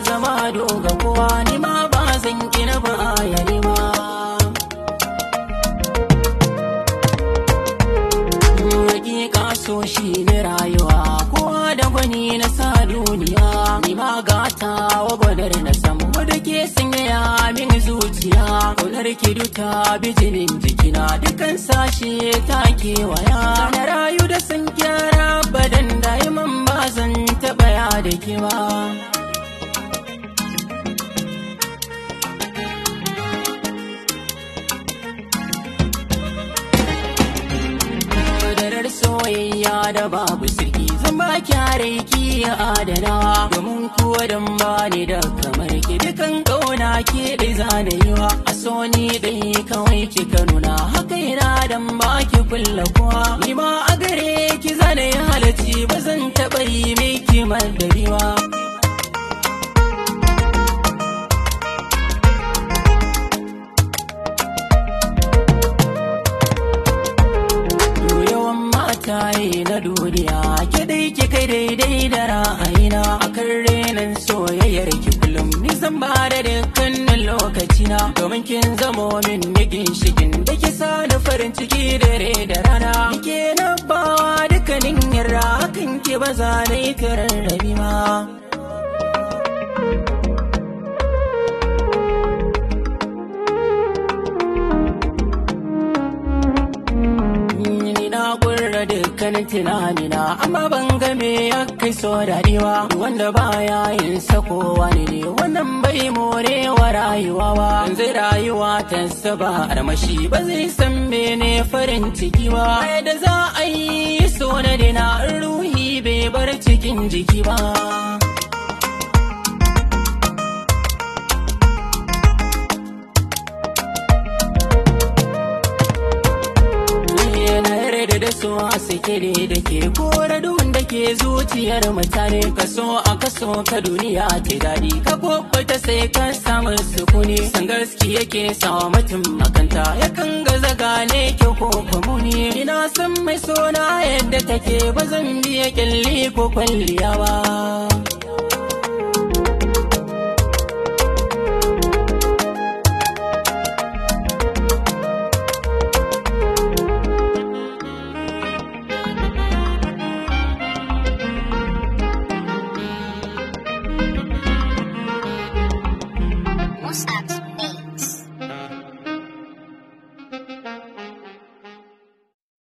zama doga kowa ni ma ba zan kina ba ya nema so shi ne rayuwa kowa da gwani na sa duniya ni ma gata wa gwanar na samu wadda ke sanya min zuciya kular ki duta bijinin jikina dukan sashe ta kewaya na rayu da sun gyara badan da ba zan taɓa ya da kiwa. soyayya da babu sirki zan ba ki haraiki ya adana domin kuwa dan ba ne da kamar ki dukan kauna ke dai wa a so ni dai kawai ki ka nuna haka ina dan ba ki kulla kuwa ni ma a gare ki zane halacci ba zan taɓa yi miki madariwa shayi na duniya ke dai ki kai daidai da ra'ayina akan renan soyayyar ki kullum ni zan ba da dukkanin lokacina domin kin zamo min ni ginshikin da ki sa da farin ciki dare da rana ke na bawa dukkanin yara. hakan ki ba na yi ma. ganin tunanina amma ban ga me ya kai so daɗewa wanda baya yin wani ne wannan bai wa rayuwa ba yanzu rayuwa ta saba armashi ba zai san mene farin ciki ba da za a yi so na dina ruhi bai bar cikin jiki ba da so a ne da ke kore duhun da ke zuciyar mutane ka a kaso ka duniya ke daɗi ka ta sai ka samu sukuni san gaski yake sawa mutum makanta yakan gaza gane ke ko muni. ina san mai sona yadda take ba zan biya kyalli ko kwalliya ba